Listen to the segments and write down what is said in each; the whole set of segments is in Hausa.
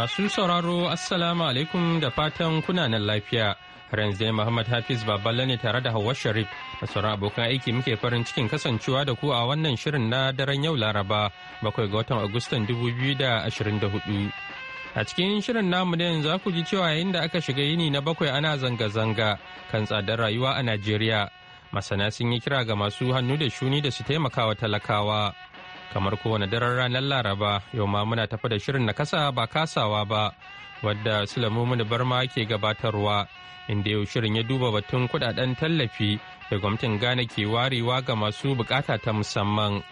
Masu sauraro Assalamu alaikum da fatan kunanan lafiya. Ran dai Muhammad Hafiz Baballe ne tare da Hauwa Sharif da sauran abokan aiki muke farin cikin kasancewa da ku a wannan shirin na daren yau Laraba bakwai ga watan Agustan 2024. A cikin shirin namu da yanzu ku ji cewa yayin da aka shiga yini na bakwai ana zanga-zanga kan tsadar rayuwa a Najeriya. Masana sun yi kira ga masu hannu da shuni da su taimakawa talakawa. kamar kowane daren ranar laraba yau ma muna tafi da shirin na kasa ba kasawa ba wadda mini barma ke gabatarwa inda yau shirin ya duba batun kudaden tallafi da gwamnatin gane ke warewa ga masu bukata ta musamman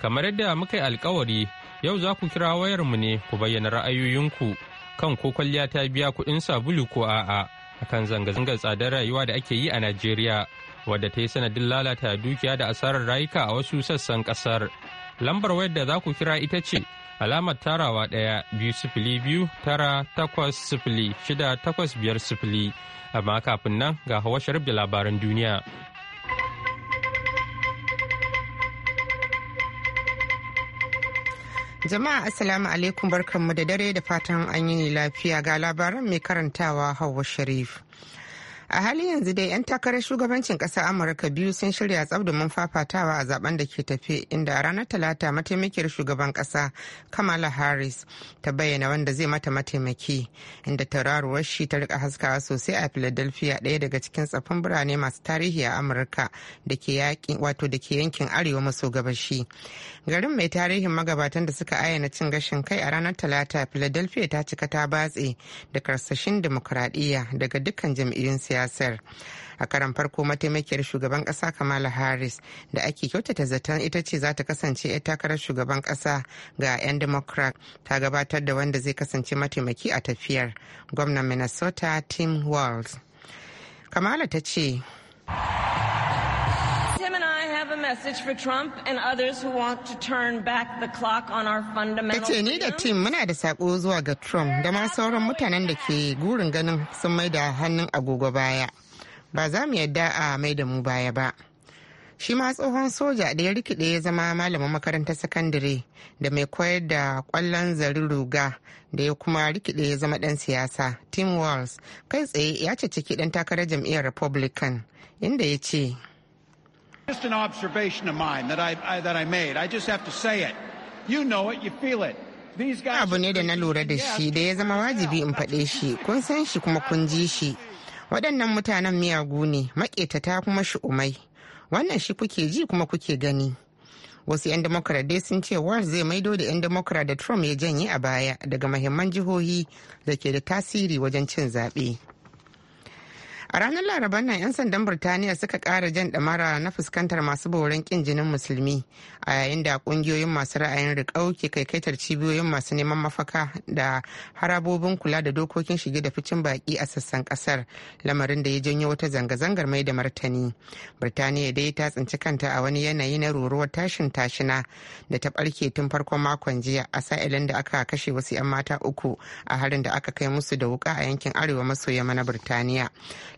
kamar yadda muka yi alkawari yau za ku kira wayarmu ne ku bayyana ra'ayoyinku kan ko kwalliya ta biya kuɗin sabulu ko a'a akan zanga-zangar tsadar rayuwa da ake yi a najeriya wadda ta yi sanadin lalata dukiya da asarar rayuka a wasu sassan ƙasar Lambar wayar da za ku kira ita ce alamar tarawa ɗaya biyu sifili biyu tara takwas sifili shida takwas biyar sifili. Amma kafin nan ga hawa sharif da labaran duniya. Jama'a Assalamu alaikum barkanmu da dare da fatan an yi lafiya ga labaran mai karantawa hawa Sharif. a halin yanzu dai 'yan takarar shugabancin ƙasar amurka biyu sun shirya tsabdumin fafatawa a zaben da ke tafe inda a ranar talata mataimakiyar shugaban ƙasa kamala harris ta bayyana wanda zai mata mataimaki inda tauraruwar shi ta rika haskawa sosai a philadelphia ɗaya daga cikin tsaffin birane masu tarihi a amurka da ke yankin arewa maso gabashi garin mai tarihin magabatan da suka ayyana cin gashin kai a ranar talata philadelphia ta cika ta batse da karsashin dimokuraɗiyya daga dukkan jam'iyyun siyasa siyasar a karan farko mataimakiyar shugaban kasa kamala harris da ake kyautata zaton ita ce za ta kasance 'ya takarar shugaban kasa ga 'yan democrat ta gabatar da wanda zai kasance mataimaki a tafiyar gwamnan minnesota tim walls kamala ta ce message for Trump and others who want to turn back the clock on our fundamental ni da Tim muna da sako zuwa ga Trump da ma sauran mutanen da ke gurin ganin sun maida hannun agogo baya. Ba za mu yadda a maida mu baya ba. Shi ma tsohon soja da ya rikide ya zama malamin makarantar sakandare da mai koyar da kwallon zarin ruga da ya kuma rikide ya zama dan siyasa Tim Walz kai tsaye ya ce ciki dan takarar jam'iyyar Republican inda ya ce Just an observation of mine that I, I that I made. I just have to say it. You know it, you feel it. Abu ne da na lura da shi da ya zama wajibi in faɗe shi, kun san shi kuma kun ji shi. Waɗannan mutanen miyagu ne, maƙetata kuma shi umai, Wannan shi kuke ji kuma kuke gani. wasu 'yan dimokradai dai sun ce Wars zai maido da 'yan democrat da trump ya janye a baya daga mahimman jihohi da ke da tasiri wajen cin zaɓe. A ranar Laraban nan 'yan sandan Birtaniya suka ƙara jan ɗamara na fuskantar masu boran ƙin jinin musulmi a yayin da kungiyoyin masu ra'ayin rikau ke kaikaitar cibiyoyin masu neman mafaka da harabobin kula da dokokin shige da ficin baki a sassan kasar lamarin da ya janyo wata zanga-zangar mai da martani birtaniya dai ta tsinci kanta a wani yanayi na ruruwar tashin tashina da ta ɓarke tun farkon makon jiya a sa'ilin da aka kashe wasu 'yan mata uku a harin da aka kai musu da wuka a yankin arewa maso yamma na birtaniya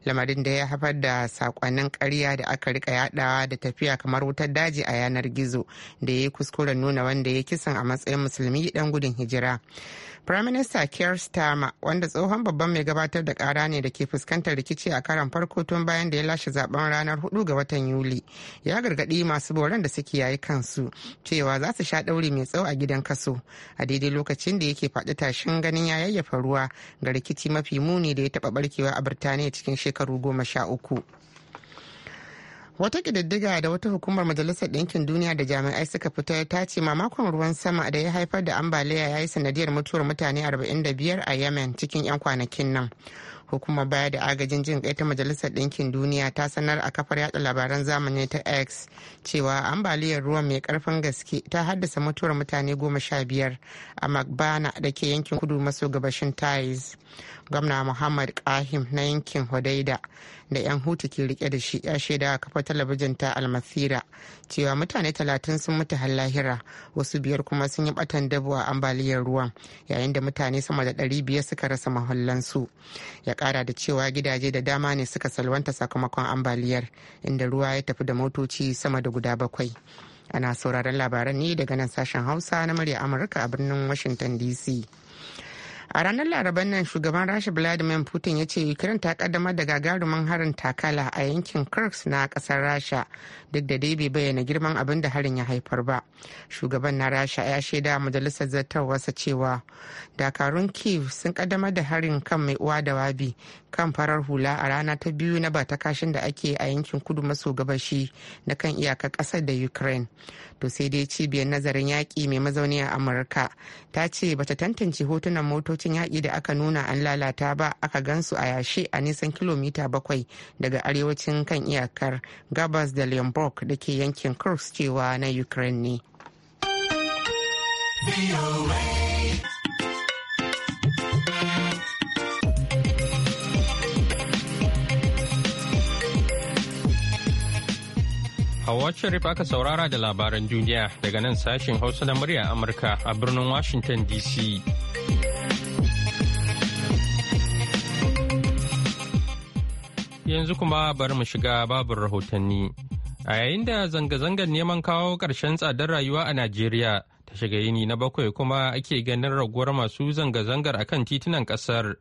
lamarin da ya haifar da sakonnin karya da aka rika yadawa da tafiya kamar wutar daji a yanar gizo da ya yi kuskuren nuna wanda ya kisan a matsayin musulmi dan gudun hijira prime minister keir starmer wanda tsohon babban mai gabatar da kara ne da ke fuskantar rikici a karan farko tun bayan da ya lashe zaben ranar 4 ga watan yuli ya gargadi masu boran da suke yayi kansu cewa za su sha ɗauri mai tsawo a gidan kaso a daidai lokacin da yake faɗi tashin ganin ya yayyafa ruwa ga rikici mafi muni da ya taɓa barkewa a birtaniya cikin shekaru goma sha uku. wata ƙididdiga da wata hukumar majalisar ɗinkin duniya da jami'ai suka fita ta ce mamakon ruwan sama da ya haifar da ambaliya ya yi sanadiyar mutuwar mutane 45 a yemen cikin 'yan kwanakin nan hukumar baya da agajin jin kai ta majalisar ɗinkin duniya ta sanar a kafar yada labaran zamani ta x cewa ambaliyar ruwa mai karfin gaske ta haddasa mutuwar mutane goma sha biyar a magbana da ke yankin kudu maso gabashin tais gwamna muhammad kahim na yankin hodaida da 'yan hutu ke rike da shi ya shaida a kafar talabijin ta almasira cewa mutane talatin sun mutu har lahira wasu biyar kuma sun yi batan dabo a ambaliyar ruwan yayin da mutane sama da ɗari biyar suka rasa mahallansu ya kara da cewa gidaje da dama ne suka salwanta sakamakon ambaliyar inda ruwa ya tafi da motoci sama da guda bakwai ana sauraron labaran ne daga nan sashen hausa na murya amurka a birnin washington dc a ranar laraban nan shugaban rasha vladimir putin ya ce ukraine ta kaddamar da gagarumin harin takala a yankin kirks na kasar rasha duk da dai bai bayyana girman abin da harin ya haifar ba shugaban na rasha ya shaida majalisar zartarwarsa cewa dakarun kiev sun kaddamar da harin kan mai uwa da wabi kan farar hula a rana ta biyu na kashin da ake a yankin kudu maso gabashi na kan iyakar kasar da ukraine to sai dai cibiyar nazarin yaƙi mai mazauni a amurka ta ce bata tantance hotunan motocin yaƙi da aka nuna an lalata ba aka gansu a yashe a nisan kilomita bakwai daga arewacin kan iyakar gabas da leonborg da ke yankin kursk cewa na ukraine ne. Hawa Sharif aka saurara da labaran duniya daga nan sashen Hausa na murya Amurka a birnin Washington DC. Yanzu kuma bari mu shiga babin rahotanni. A yayin da zanga-zangar neman kawo ƙarshen tsadar rayuwa a Najeriya ta shiga yini na bakwai kuma ake ganin raguwar masu zanga-zangar akan titunan ƙasar.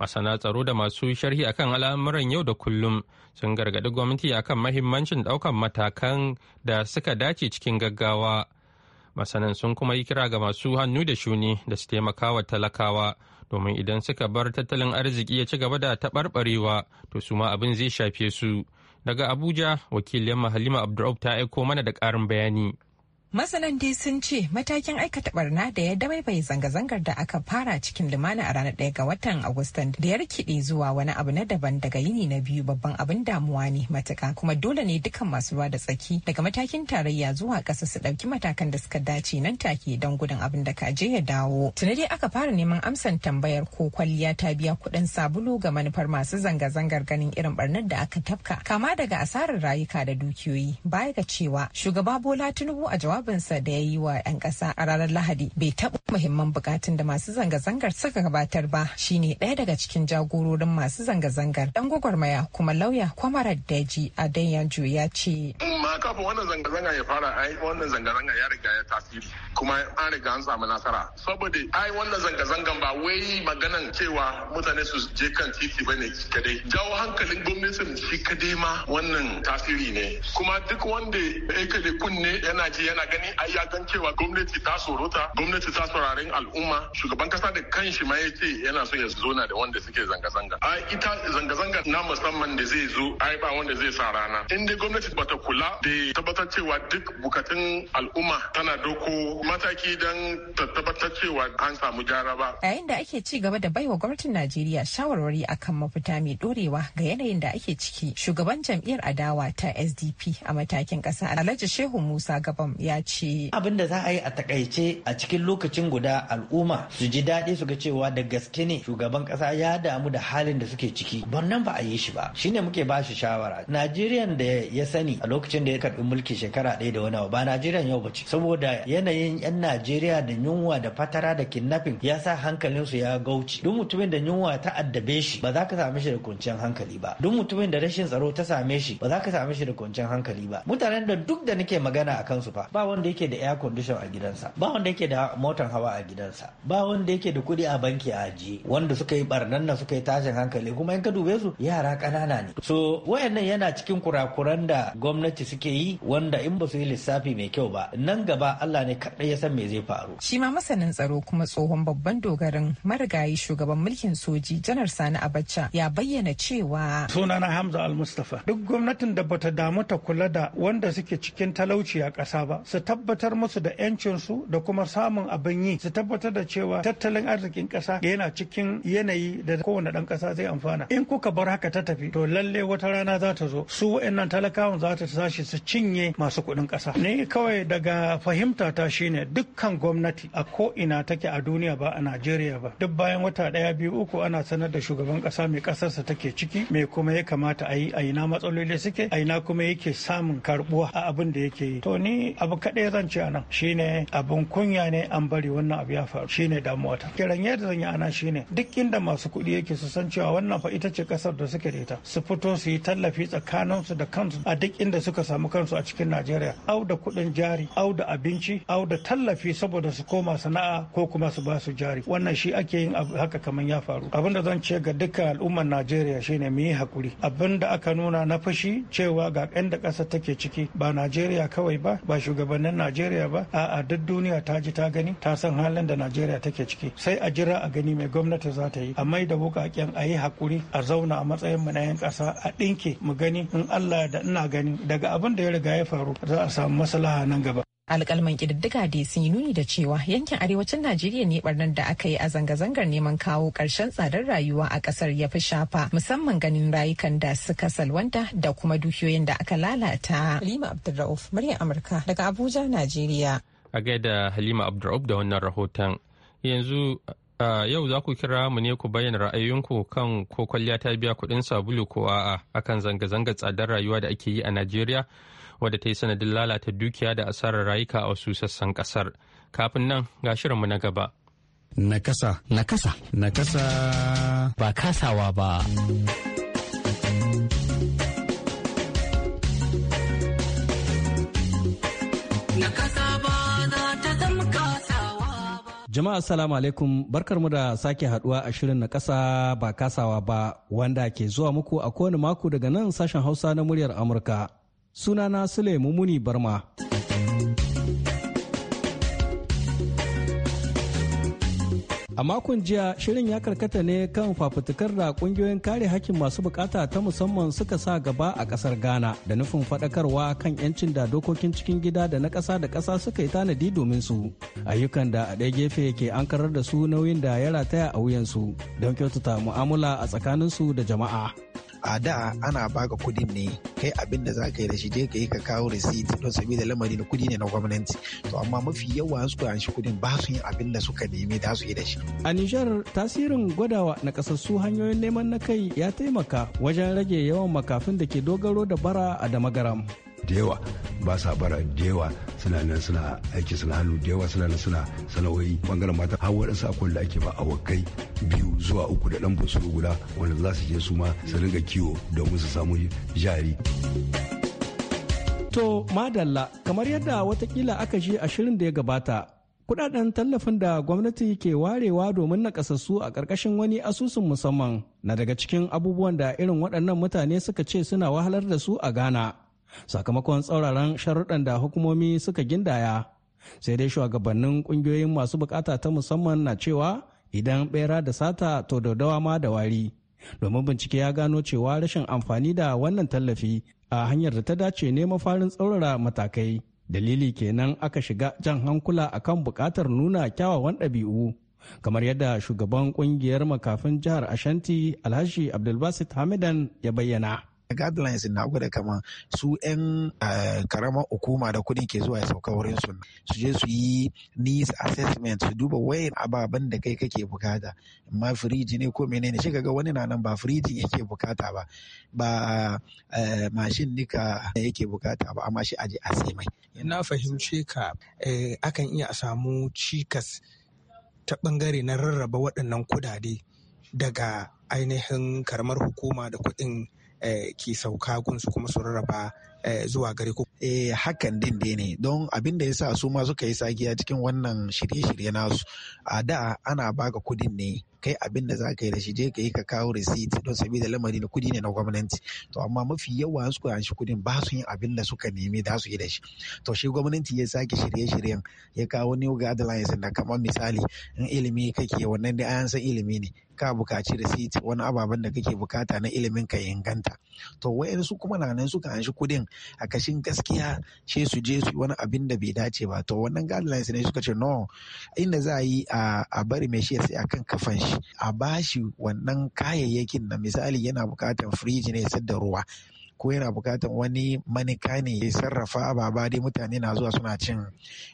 masana tsaro da masu sharhi akan al'amuran yau da kullum sun gargaɗi gwamnati akan mahimmancin ɗaukan matakan da suka dace cikin gaggawa masanan sun kuma yi kira ga masu hannu da shuni da su taimaka wa talakawa domin idan suka bar tattalin arziki ya ci gaba da taɓarɓarewa to su ma abin zai shafe su daga abuja wakilin mahalima abdur'aub ta aiko mana da ƙarin bayani Masanan dai sun ce matakin aikata barna da ya dabaibaye zanga-zangar da aka fara cikin lumana a ranar 1 ga watan Agustan da ya rikide zuwa wani abu na daban daga yini na biyu babban abin damuwa ne matuka kuma dole ne dukkan masu ruwa da tsaki daga matakin tarayya zuwa ƙasa su ɗauki matakan da suka dace nan take don gudun abin da kaje ya dawo. Tuni dai aka fara neman amsan tambayar ko kwalliya ta biya kuɗin sabulu ga manufar masu zanga-zangar ganin irin barnar da aka tafka kama daga asarar rayuka da dukiyoyi baya ga cewa shugaba Bola Tinubu a jawab jawabinsa da ya yi wa 'yan ƙasa a ranar Lahadi bai taɓa muhimman bukatun da masu zanga-zangar suka gabatar ba shine ɗaya daga cikin jagororin masu zanga-zangar dan gwagwarmaya kuma lauya kwamarar daji a Danyanju ya ce. In ma kafin wannan zanga-zanga ya fara ai wannan zanga-zanga ya riga ya tasiri kuma an riga an samu nasara saboda ai wannan zanga-zangan ba wai maganan cewa mutane su je kan titi bane kadai jawo hankalin gwamnatin shi kadai ma wannan tasiri ne kuma duk wanda ya kade kunne yana ji yana gani ai cewa gwamnati ta sorota gwamnati ta sauraren al'umma shugaban kasa da kanshi ma ya ce yana so ya zona da wanda suke zanga-zanga a ita zanga-zanga na musamman da zai zo ai ba wanda zai sa rana in dai gwamnati bata kula da tabbatar cewa duk bukatun al'umma tana doko mataki don tabbatar cewa an samu gyara ba yayin da ake ci gaba da baiwa gwamnatin Najeriya shawarwari akan mafita mai dorewa ga yanayin da ake ciki shugaban jam'iyyar adawa ta SDP a matakin kasa Alhaji Shehu Musa Gabam ya ce. Abin da za a yi a takaice a cikin lokacin guda al'umma su ji daɗi su ga cewa da gaske ne shugaban ƙasa ya damu da halin da suke ciki. Wannan ba a yi shi ba. Shine muke ba shi shawara. Najeriyan da ya sani a lokacin da ya karɓi mulki shekara ɗaya da wani ba Najeriyan yau ba ce. Saboda yanayin 'yan Najeriya da yunwa da fatara da kidnapping ya sa hankalinsu ya gauci. Duk mutumin da yunwa ta addabe shi ba za ka same shi da kwanciyar hankali ba. Duk mutumin da rashin tsaro ta same shi ba za ka same shi da kwanciyar hankali ba. Mutanen da duk da nake magana a kansu fa ba wanda yake da air condition a gidansa ba wanda yake da motar hawa a gidansa ba wanda yake da kuɗi a banki a ajiye wanda suka yi barnan na suka yi tashin hankali kuma in ka dube su yara kanana ne so wayannan yana cikin kurakuran da gwamnati suke yi wanda in ba su yi lissafi mai kyau ba nan gaba Allah ne kaɗai ya san me zai faru shi ma masanin tsaro kuma tsohon babban dogarin marigayi shugaban mulkin soji janar sani abacha ya bayyana cewa sunana hamza al-mustafa duk gwamnatin da bata damu ta kula da wanda suke cikin talauci a ƙasa ba su tabbatar musu da 'yancinsu da kuma samun abin yi su tabbatar da cewa tattalin arzikin ƙasa yana cikin yanayi da kowane ɗan ƙasa zai amfana in kuka bar haka ta tafi to lalle wata rana za ta zo su wa'annan talakawan za ta tashi su cinye masu kuɗin ƙasa ne kawai daga fahimta ta shine dukkan gwamnati a ko ina take a duniya ba a Najeriya ba duk bayan wata ɗaya biyu uku ana sanar da shugaban ƙasa mai ƙasarsa take ciki me kuma ya kamata a yi a ina matsaloli suke a ina kuma yake samun karbuwa a abin da yake yi to ni abu kaɗai zan ce anan shine abin kunya ne an bari wannan abu ya faru shine damuwa ta kiran yadda zan yi ana shine duk inda masu kuɗi yake su san cewa wannan fa ita ce ƙasar da suke da ita su fito su yi tallafi tsakaninsu da kansu a duk inda suka samu kansu a cikin Najeriya au da kuɗin jari au da abinci au da tallafi saboda su koma sana'a ko kuma su ba su jari wannan shi ake yin haka kamar ya faru abin da zan ce ga dukkan al'ummar Najeriya shine mu yi hakuri abin da aka nuna na fashi cewa ga da ƙasa take ciki ba Najeriya kawai ba ba shugaban shugabannin najeriya ba a'a duk duniya ta ji ta gani ta san halin da najeriya take ciki sai a jira a gani mai gwamnati za ta yi a mai da bukaken a yi hakuri a zauna a matsayin mu na yan kasa a ɗinke mu gani in allah da ina gani daga abin da ya riga ya faru za a samu maslaha nan gaba alkalman ƙididdiga dai sun yi nuni da cewa yankin arewacin najeriya ne barnar da aka yi a zanga-zangar neman kawo ƙarshen tsadar rayuwa a ƙasar ya fi shafa musamman ganin rayukan da suka salwanta da kuma dukiyoyin da aka lalata halima abdulrauf muryar amurka daga abuja najeriya a gaida halima abdulrauf da wannan rahoton yanzu yau za ku kira mu ne ku bayyana ra'ayoyinku kan ko kwalliya ta biya kuɗin sabulu ko a'a akan zanga-zangar tsadar rayuwa da ake yi a najeriya wadda ta yi sanadin lalata dukiya da asarar rayuka a wasu sassan kasar kafin nan ga shirinmu na gaba nakasa nakasa nakasa ba kasawa ba Jama'a salamu alaikum barkarmu da sake haduwa a shirin na kasa ba kasawa ba wanda ke zuwa muku a kowane mako daga nan sashen hausa na muryar Amurka. sunana Sule Mumuni Barma. A makon jiya shirin ya karkata ne kan fafutukar da kungiyoyin kare hakkin masu bukata ta musamman suka sa gaba a kasar Ghana da nufin faɗakarwa kan 'yancin da dokokin cikin gida da na ƙasa da ƙasa suka yi tanadi domin su. Ayyukan da a ɗaya gefe ke an karar da su nauyin da ya rataya a wuyansu don kyautata mu'amala a tsakaninsu da jama'a. a da ana baka kudin ne kai abin da za ka yi da shi je ka yi ka kawo receipt don saboda lamari na kudi ne na gwamnati to amma mafi yawa su ka shi kudin ba su yin abin da suka nemi da su yi da shi a Niger, tasirin gwadawa na kasassu hanyoyin neman na kai ya taimaka wajen rage yawan makafin da ke dogaro da bara a damagaram da yawa ba sa bara da yawa suna nan suna aiki suna hannu da yawa suna nan suna sana'o'i bangaren mata har su akwai da ake ba a wakai biyu zuwa uku da dan bunsuru guda wanda za su je su ma su ringa kiwo domin su samu jari. To madalla kamar yadda watakila aka je a shirin da ya gabata kudaden tallafin da gwamnati ke warewa domin nakasassu a ƙarƙashin wani asusun musamman na daga cikin abubuwan da irin waɗannan mutane suka ce suna wahalar da su a Ghana. sakamakon tsauraran sharuɗan da hukumomi suka gindaya sai dai shugabannin ƙungiyoyin masu bukata ta musamman na cewa idan bera da sata to daudawa ma da wari domin bincike ya gano cewa rashin amfani da wannan tallafi a hanyar da ta dace ne mafarin tsaurara matakai dalili kenan aka shiga jan hankula akan bukatar nuna kyawawan ɗabi'u kamar yadda shugaban kungiyar makafin jihar ashanti alhaji abdulbasit hamidan ya bayyana guidelines na gwada kaman su 'yan eh, karamar hukuma da kuɗi ke zuwa ya sauka wurin su su je su yi needs assessment su duba wayan ababen da kai kake bukata ma firiji ne ko menene shi ga wani na nan ba firiji yake bukata ba ba eh, mashin nika yake bukata ba amma shi aje a sai mai na fahimce ka eh, akan iya a samu cikas ta bangare na rarraba waɗannan kudade daga ainihin karamar hukuma da kuɗin Eh, ke sauka gunsu kuma su rarraba Eh, zuwa gari ku eh hakan din dai ne don abin da yasa su ma suka yi sagiya cikin wannan shirye-shirye nasu a da ana baka kudin ne kai abin da za ka yi da shi je ka yi ka kawo receipt don saboda lamari na kudi ne na gwamnati to amma mafi yawa su an shi kudin ba su yin abin da suka nemi da su yi da shi to shi gwamnati ya sake shirye-shiryen ya kawo new guidelines da kamar misali in ilimi kake wannan da an san ilimi ne ka bukaci receipt wani ababen da kake bukata na ilimin ka inganta to wayansu kuma na nan suka an shi kudin a kashin gaskiya she su je su wani abin da bai dace ba to wannan guidelines ne suka ce no inda za a yi a bari mai shi sai akan kafan shi a bashi wannan kayayyakin na misali yana bukatar firiji ne ya da ruwa ko yana bukatan wani manika ne ya sarrafa ababa dai mutane na zuwa suna cin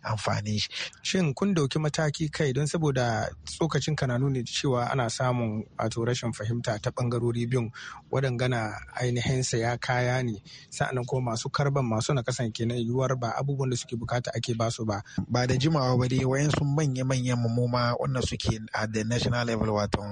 amfani shi. Shin kun dauki mataki kai don saboda tsokacin kananu ne cewa ana samun wato rashin fahimta ta bangarori biyun wadangana ainihin saya kaya ne sa'annan ko masu karban masu na kasan kenan yuwar ba abubuwan da suke bukata ake basu ba. Ba da jimawa ba dai wayan sun manya-manyan mamoma wannan suke a the national level wato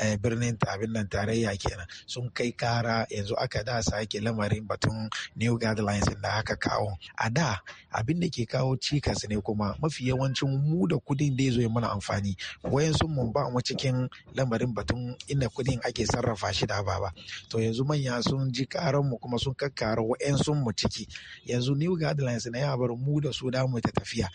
eh, birnin abin nan tarayya kenan sun kai kara yanzu aka da sake lamarin batun new guidelines da aka kawo a da abin da ke kawo cikas ne kuma mafi yawancin mu da kudin da zo mana amfani wayan sun mun ba mu cikin lamarin batun inda kudin ake sarrafa shi da ba to yanzu manya sun ji karan mu kuma sun kakkara wayan sun mu ciki yanzu new guidelines na ya bar mu da su da mu ta tafiya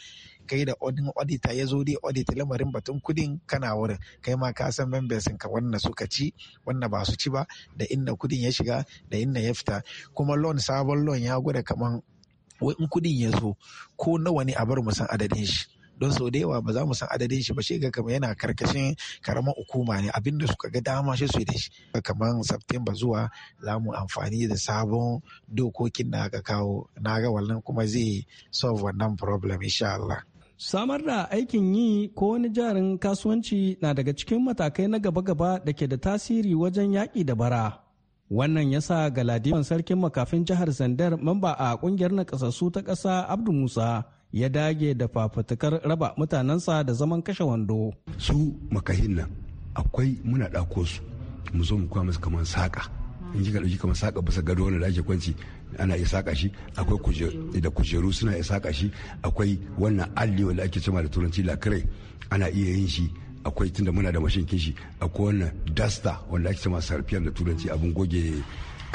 kai da odin odita ya zo dai odita lamarin batun kudin kana wurin kai ma ka san members ka wannan suka ci wannan ba su ci ba da inda kudin ya shiga da inda ya fita kuma loan sabon loan ya gwada kaman wai in kudin ya zo ko nawa ne a bar mu san adadin shi don sau da yawa ba za mu san adadin shi ba shi ga kamar yana karkashin karamar hukuma ne abinda suka ga dama shi su da shi kamar september zuwa za mu amfani da sabon dokokin da aka kawo na ga wannan kuma zai solve wannan problem insha Allah Samar da aikin yi ko wani jarin kasuwanci na daga cikin matakai na gaba-gaba da ke da tasiri wajen yaƙi da bara. Wannan ya sa galadiman sarkin makafin jihar Zandar mamba a ƙungiyar nakasassu ta ƙasa Abdu Musa ya dage da fafutukar raba mutanensa da zaman kashe wando. Su makahin nan akwai muna ɗako mu zo mu kwa kamar saƙa. In ji ka ɗauki kamar saƙa bisa gado wanda da ake kwanci ana iya saka shi akwai da kujeru suna iya saka shi akwai wannan alli wanda ake cewa da turanci lakare ana iya yin shi akwai tunda muna da mashin kishi akwai wannan dasta wanda ake cewa sarfiyar da turanci abin goge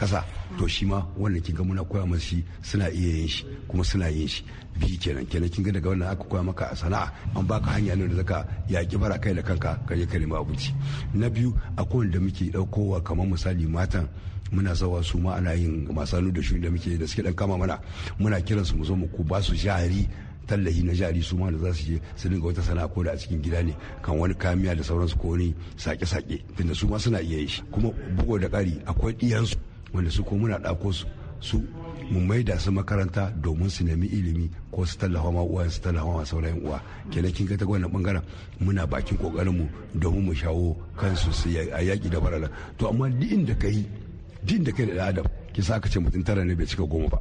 kasa to shi ma wannan kin ga muna koya masu shi suna iya yin shi kuma suna yin shi bi kenan kenan kin ga daga wannan aka koya maka a sana'a an baka hanya ne da zaka yaki bara kai da kanka ka je ka nemi abinci na biyu akwai wanda muke daukowa kamar misali matan muna zawa su ma ana yin masanu da shuni da muke da suke dan kama mana muna kiran su mu zo mu ku ba su jari tallahi na jari su ma da za su je su dinga wata sana'a ko da a cikin gida ne kan wani kamiya da sauransu ko wani sake-sake tunda su ma suna iya yi kuma bugu da ƙari akwai ɗiyansu wanda su ko muna ɗako su su mu maida su makaranta domin su nemi ilimi ko su tallafa ma uwa su tallafa ma sauran uwa kenan kin ga ta wannan bangaren muna bakin kokarin mu domin mu shawo kansu su a yaki da barala to amma duk inda kai din da kai da adam ki sa ce mutum tara ne bai cika goma ba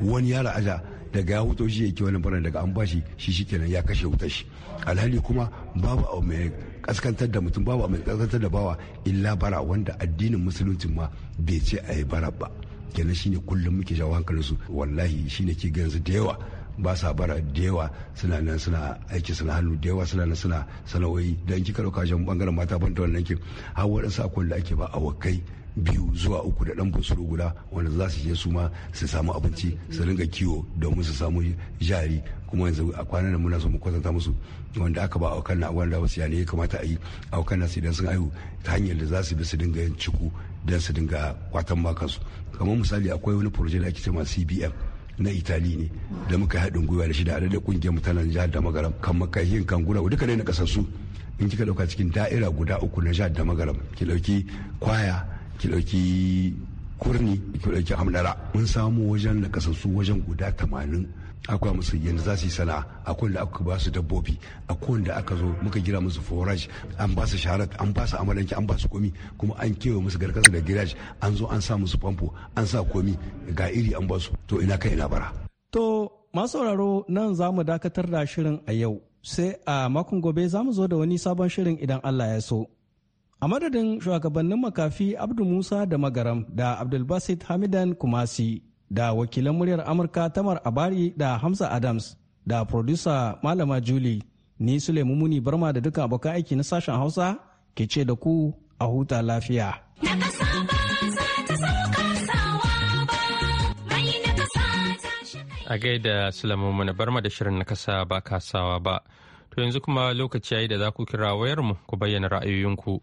wani yara aja daga ya huto shi yake wannan faran daga an bashi shi kenan ya kashe wutar shi alhali kuma babu abu mai kaskantar da mutum babu abu mai kaskantar da bawa illa bara wanda addinin musulunci ma bai ce a yi bara ba kenan shine kullum muke jawo hankalinsu wallahi shine ke su da yawa ba sa bara da yawa suna nan suna aiki suna hannu da yawa suna nan suna sana'o'i don kika ɗauka shan bangaren mata ban da wannan ke har waɗansu akwai da ake ba a wakai. biyu zuwa uku da dan bunsuru guda wanda za su je su ma su samu abinci su ringa kiwo domin su samu jari kuma yanzu a kwanan nan muna so mu kwatanta musu wanda aka ba aukan na wanda wasu yane ya kamata a yi aukan nasu idan sun ayu ta hanyar da za su bi su dinga yin ciku don su dinga kwatan kansu kamar misali akwai wani proje da ake cewa cbm na itali ne da muka haɗin gwiwa da shi da adadin kungiyar mutanen jihar da magaram kan makahin kan gura duka ne na su in kika ɗauka cikin da'ira guda uku na jihar da magaram ki ɗauki kwaya ki ɗauki kurni ki ɗauki hamdara mun samu wajen nakasassu wajen guda tamanin akwai musu yanzu za su yi sana'a akwai da aka ba su dabbobi akwai da aka zo muka gira musu forage an ba su sharat an ba su amalanki an ba su komi kuma an kewa musu garkasa da garage an zo an sa musu famfo an sa komi ga iri an ba su to ina kai ina bara. to masu sauraro nan za mu dakatar da shirin a yau sai a makon gobe za mu zo da wani sabon shirin idan allah ya so a madadin shugabannin makafi abdu musa da magaram da abdulbasit hamidan kumasi da wakilan muryar amurka tamar abari da hamza adams da producer malama julie ni sulaimu muni barma da duka abokan aiki na sashen hausa ke ce da ku a huta lafiya a gaida sulaimu muni barma da shirin na kasa ba kasawa ba to yanzu kuma lokaci yayi da za ku kira wayarmu ku bayyana ra'ayoyinku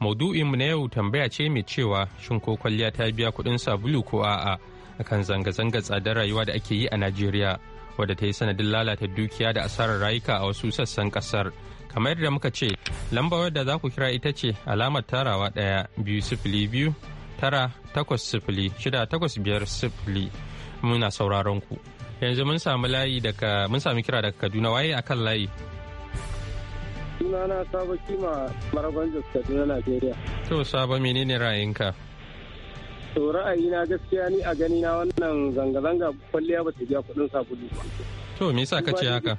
mu na yau tambaya ce mai cewa shin ko kwalliya ta biya kuɗin sabulu ko a'a akan zanga-zanga tsadar rayuwa da ake yi a Najeriya wadda ta yi sanadin lalata dukiya da asarar rayuka a wasu sassan kasar. Kamar yadda muka ce, lambar da za ku kira ita ce alamar tarawa ɗaya biyu sifili biyu tara takwas sifili shida takwas biyar sifili muna sauraron ku. Yanzu mun samu mun sami kira daga Kaduna waye akan layi. sunana sabo kima maraban na najeriya to sabo menene ra'ayinka to ra'ayina gaskiya ni a gani na wannan zanga-zanga kwalliya ba ta biya kuɗin sabulu to me yasa ka ce haka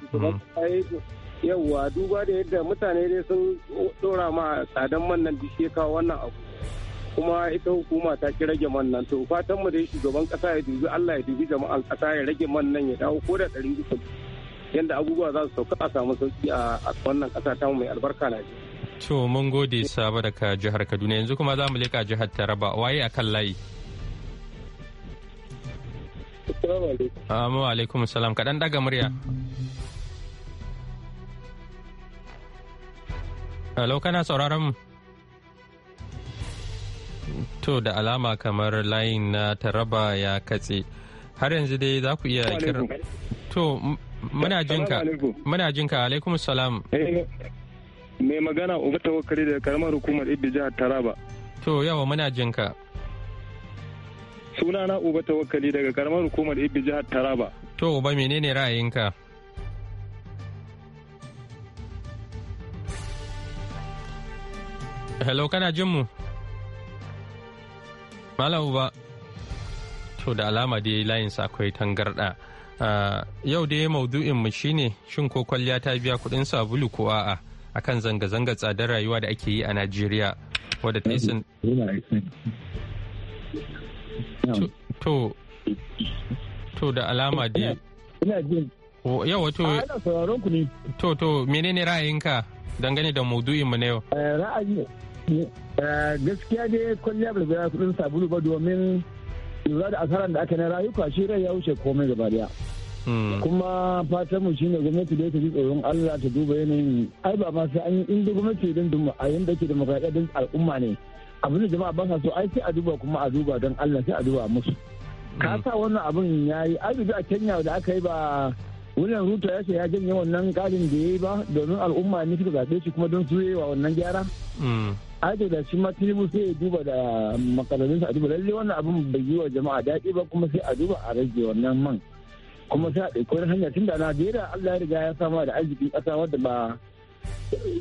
yawwa hmm. duba da yadda mutane dai sun dora ma tsadan man nan dishe kawo wannan abu kuma ita hukuma ta ki rage man nan to fatan mu dai shugaban kasa ya dubi Allah ya dubi jama'an kasa ya rage man nan ya dawo ko da ɗari uku yadda abubuwa za su sauka a samu sauki a wannan ƙasa ta mai albarka na ji. To mun gode sabo daga jihar Kaduna yanzu kuma za mu leƙa jihar Taraba waye a kan layi. Assalamu alaikum. Ah, salam kaɗan daga murya. Hello kana sauraron mu? To da alama kamar layin na Taraba ya katse. Har yanzu dai za ku iya kira. To muna jinka muna jinka alaikum salam eh, mai magana uba wakari da karamar hukumar ibbi jihar taraba to yawa muna jinka na uba wakari daga karamar hukumar ibbi jihar taraba to uba menene ra'ayinka hello kana jin mu malam uba to da alama dai layin sa akwai tangarda yau dai maudu'in mu shine shin ko kwalliya ta biya kuɗin sabulu ko a'a akan zanga-zanga tsadar rayuwa da ake yi a Najeriya wadda ta isin. to to da alama dai yau wato to to menene ra'ayinka dangane da maudu'in mu na yau eh, ra'ayi eh, gaskiya dai kwalliya bai biya kuɗin sabulu ba domin lura da asarar da aka na rayuka shi rai ya wuce komai gaba daya kuma fatanmu shine gwamnati da ta ji tsoron Allah ta duba yanayin ai ba ma sai an inda gwamnati din a yanda ke demokradiyya din al'umma ne abin da jama'a ba sa so ai sai a duba kuma a duba don Allah sai a duba musu ka mm. sa wannan abin yayi ai a Kenya da aka yi ba William Ruto ya ce ya janye wannan karin da yayi ba domin al'umma ne suka zabe shi kuma don su yi wa wannan gyara mm. ai da shi ma sai ya duba da makararinsa a duba lalle wannan abin bai yi wa jama'a daɗi ba kuma sai a duba a rage wannan man kuma sai a ɗauki wani hanya tun da najeriya allah ya riga ya sama da arzikin ƙasa wadda ba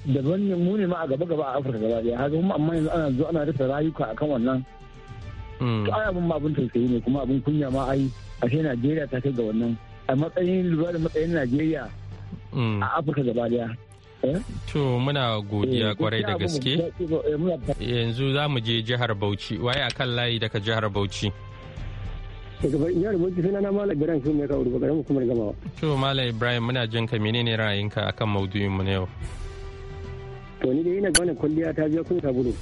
daban ne mu ne ma a gaba gaba a afirka gaba ɗaya haka kuma amma yanzu ana zo ana rasa rayuka akan wannan to ai abin ma abin tausayi ne kuma abin kunya ma ai ashe najeriya ta kai ga wannan a matsayin lura da matsayin najeriya a afirka gaba ɗaya To muna godiya kwarai da gaske. Yanzu za mu je jihar Bauchi. Waye akan layi daga jihar Bauchi? shugaban jihar bauchi suna na mala ibrahim shi mai kawo daga hukumar gamawa. to mala ibrahim muna jin ka menene ra'ayinka akan maudu'in mu na yau. to ni dai ina ga wannan kwalliya ta biya kun sabulu.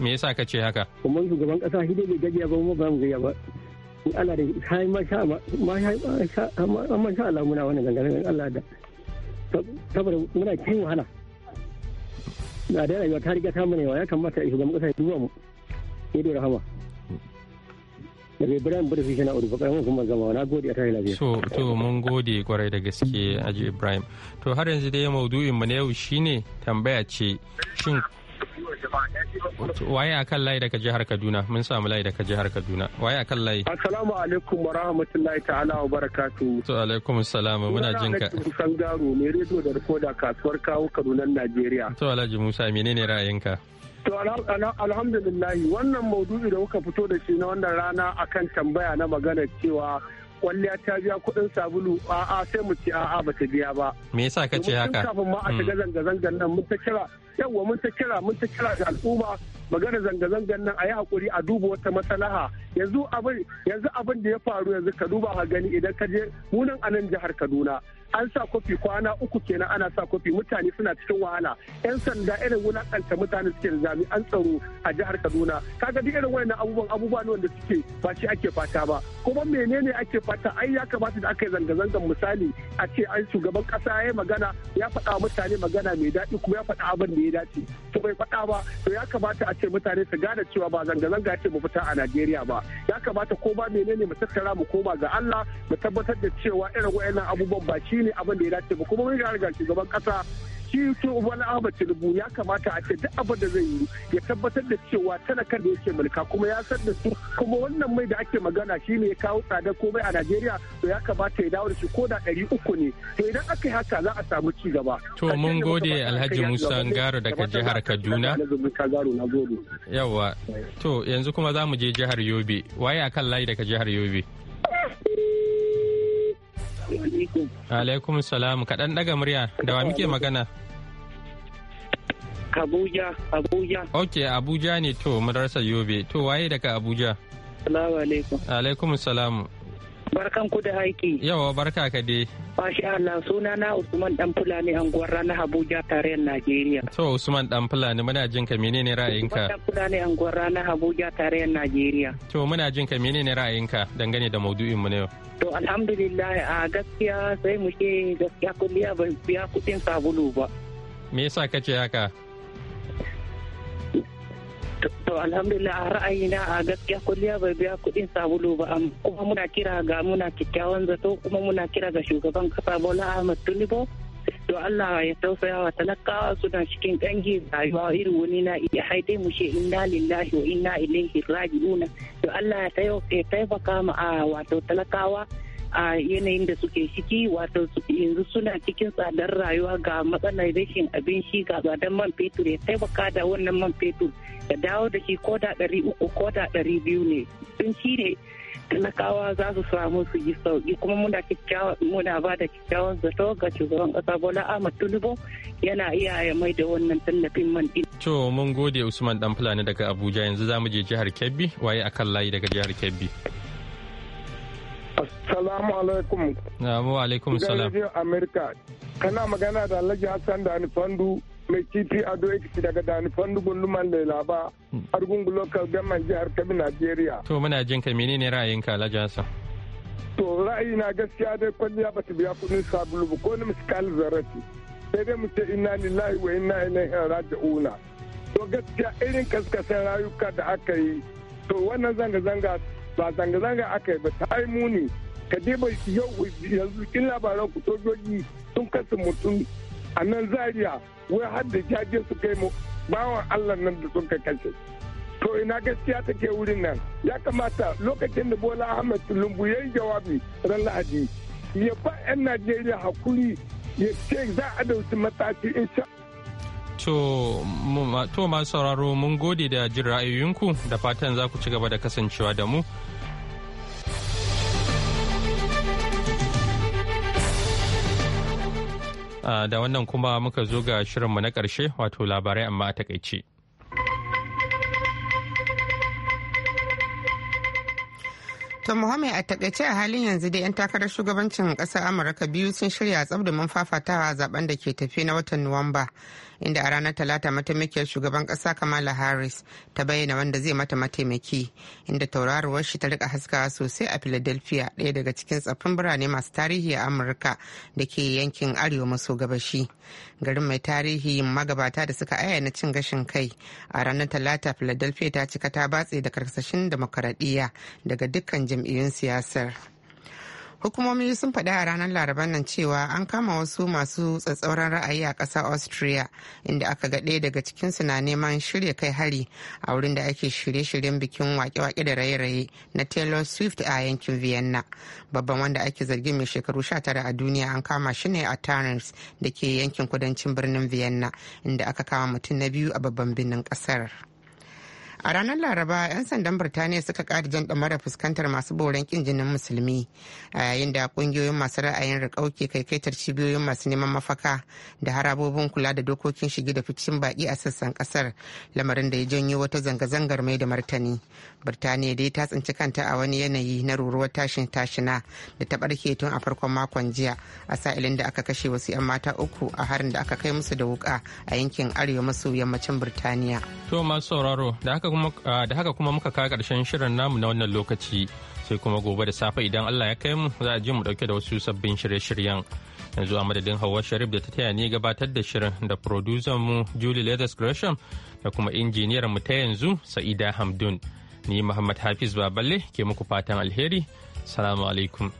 me yasa ka ce haka. kuma shugaban kasa shi dai bai gajiya ba mu ba mu gajiya ba. in ana da hai ma sha ma sha Allah muna wannan gangan Allah da saboda muna cikin wahala. na da rayuwa ta riga ta mana yawa ya kamata shugaban kasa ya duba mu. ya da rahama. daga ibrahim buda shi na urufa karamin kuma zama na gode a tare lafiya to to mun gode kwarai da gaske aji ibrahim to har yanzu dai maudu'in mu na yau shine tambaya ce shin waye akan layi daga jihar kaduna mun samu layi daga jihar kaduna waye akan layi assalamu alaikum wa rahmatullahi ta'ala wa barakatu to alaikum assalam muna jin ka san garo ne rediyo da rikoda kasuwar kawo kaduna najeriya to alhaji musa menene ra'ayinka To alhamdulillahi wannan maudu'i da kuka fito da shi na wannan rana akan tambaya na magana cewa kwalliya ta biya kuɗin sabulu a'a sai mu ce a'a ba ta biya ba. Me yasa ka ce haka? Kafin ma a shiga hmm. zanga-zangan nan mun ta kira yawwa mun ta kira mun ta kira ga al'umma magana zanga-zangan nan a yi hakuri a duba wata matsalaha yanzu abin da ya faru yanzu ka duba ka gani idan ka je mu nan a nan jihar Kaduna an sa kofi kwana uku kenan ana sa kofi mutane suna cikin wahala yan sanda irin wulakanta mutane suke da an tsaro a jihar kaduna kaga duk irin wayannan abubuwan abubuwa ne wanda suke ba shi ake fata ba kuma menene ake fata ai ya kamata da aka yi zanga-zangan misali a ce an shugaban kasa ya magana ya faɗa mutane magana mai daɗi kuma ya faɗa abin da ya dace to bai faɗa ba to ya kamata a ce mutane su gane cewa ba zanga-zanga ce mu fita a Najeriya ba ya kamata ko ba menene mu tattara mu koma ga Allah mu tabbatar da cewa irin wayannan abubuwan ba shi shine abin da ya dace ba kuma mun ga shugaban kasa shi to wani ahmad tinubu ya kamata a ce duk abin da zai yi ya tabbatar da cewa talakar da yake mulka kuma ya san da su kuma wannan mai da ake magana shine ne ya kawo tsadar komai a najeriya to ya kamata ya dawo da shi ko da ɗari uku ne to idan aka yi haka za a samu ci gaba. to mun gode alhaji musa ngaro daga jihar kaduna yawa to yanzu kuma za mu je jihar yobe waye akan layi daga jihar yobe. alaikum salam kaɗan ɗaga murya da wa muke magana abuja abuja ok abuja ne to madarasar yobe to waye daga abuja salamu alaikum alaikum salamu Barkan ku da aiki. Yawa barka ka dai. Masha Allah suna na Usman Dan Fulani anguwar na Abuja tarayyar Najeriya. To Usman Dan Fulani muna jin ka menene ra'ayinka? Usman Dan Fulani anguwar na Abuja tarayyar Najeriya. To muna jin ka menene ra'ayinka dangane da maudu'in mu ne? To alhamdulillah a gaskiya sai mu ce gaskiya kulliya ba biya kudin sabulu ba. Me yasa kace haka? To alhamdulillah a ra'ayina a gaskiya kulliya bai biya kuɗin sabulu ba kuma muna kira ga muna kyakkyawan zato kuma muna kira ga shugaban kasa Bola ahmad Tinubu to Allah ya tausaya wa talakawa suna cikin kangi rayuwa irin wani na iya haide mu she inna lillahi wa inna ilaihi raji'una to Allah ya taimaka ma wato talakawa a yanayin da suke ciki wato yanzu suna cikin tsadar rayuwa ga matsalar rashin abinci ga tsadar man fetur ya taimaka da wannan man fetur da dawo da shi ko da ɗari uku ko da ɗari biyu ne sun shi ne talakawa za su samu su yi sauki kuma muna muna ba da kyakkyawan zato ga shugaban kasa bola ahmad tulubo yana iya ya mai da wannan tallafin man ɗin. to mun gode usman dan fulani daga abuja yanzu za mu je jihar kebbi waye akan layi daga jihar kebbi. Assalamu alaikum. Assalamu alaikum salam. Radio America. Kana magana da Alhaji Hassan da Fandu mai titi a Ekiti daga da Dani Fandu gunduman Laila ba hmm. Argungu Local Government jihar Kebbi Najeriya. To muna jin ka menene ra'ayinka Alhaji Hassan? To ra'ayi na gaskiya dai kwalliya ba ta biya kudin sabulu ba ko ni miskali zarafi. Sai dai mu ce inna lillahi wa inna ilaihi raji'una. To gaskiya irin kaskasan rayuka da aka yi to wannan zanga-zanga ba zanga-zanga aka yi ba ta yi muni ka ba yau yanzu kin labaran ku sojoji sun kasa mutum a nan zariya wai har da jaje su kai mu bawan allah nan da sun ka kashe to ina gaskiya take wurin nan ya kamata lokacin da bola ahmed tulumbu ya yi jawabi ran lahadi ya ba 'yan najeriya hakuri ya ce za a dauki mataki insha To, to masu sauraro mun gode da jin ra'ayoyinku da fatan za ku ci gaba da kasancewa da mu da wannan kuma muka zo ga shirinmu na ƙarshe wato labarai amma a takaice. To Muhammad a takaice a halin yanzu da 'yan takarar shugabancin ƙasar Amurka biyu sun shirya tsabda manfafatawa fafatawa zaben da ke tafi na watan Nuwamba. inda a ranar talata mataimakiyar shugaban kasa kamala harris ta bayyana wanda zai mata mataimaki inda tauraruwar shi ta rika haskawa sosai a philadelphia ɗaya daga cikin tsaffin birane masu tarihi a amurka da ke yankin arewa maso gabashi garin mai tarihi magabata da suka ayyana cin gashin kai a ranar talata philadelphia ta cika ta batse da karsashin demokaradiyya daga dukkan jam'iyyun siyasar. hukumomi sun faɗi a ranar laraban nan cewa an kama wasu masu tsatsauran ra'ayi a ƙasar austria inda aka ga ɗaya daga cikinsu na neman shirya kai hari a wurin da ake shirye-shiryen bikin wake-wake da raye-raye na taylor swift a yankin vienna babban wanda ake zargin mai shekaru sha tara a duniya an kama shi ne a tarners da ke yankin kudancin birnin vienna inda aka kama mutum na biyu a babban birnin ƙasar. a ranar laraba 'yan sandan birtaniya suka kara jan damar fuskantar masu boran kin jinin musulmi a yayin da ƙungiyoyin masu ra'ayin riƙau kai kaikaitar cibiyoyin masu neman mafaka da harabobin kula da dokokin shige da ficin baki a sassan kasar lamarin da ya janyo wata zanga-zangar mai da martani birtaniya dai ta tsinci kanta a wani yanayi na ruruwar tashin tashina da ta barke tun a farkon makon jiya a sa'ilin da aka kashe wasu 'yan mata uku a harin da aka kai musu da wuka a yankin arewa maso yammacin birtaniya to masu sauraro Ah, da haka kuma muka kawo karshen shirin namu na wannan lokaci sai kuma gobe da safe idan Allah ya kai mu za a ji mu dauke da wasu sabbin shirye-shiryen. Yanzu a madadin Hauwa Sharif da ta taya ni gabatar da shirin da producer mu Julie Leathers Gresham da kuma injiniyar mu ta yanzu Sa'ida Hamdun. Ni Muhammad Hafiz Baballe ke muku fatan alheri. Salamu alaikum.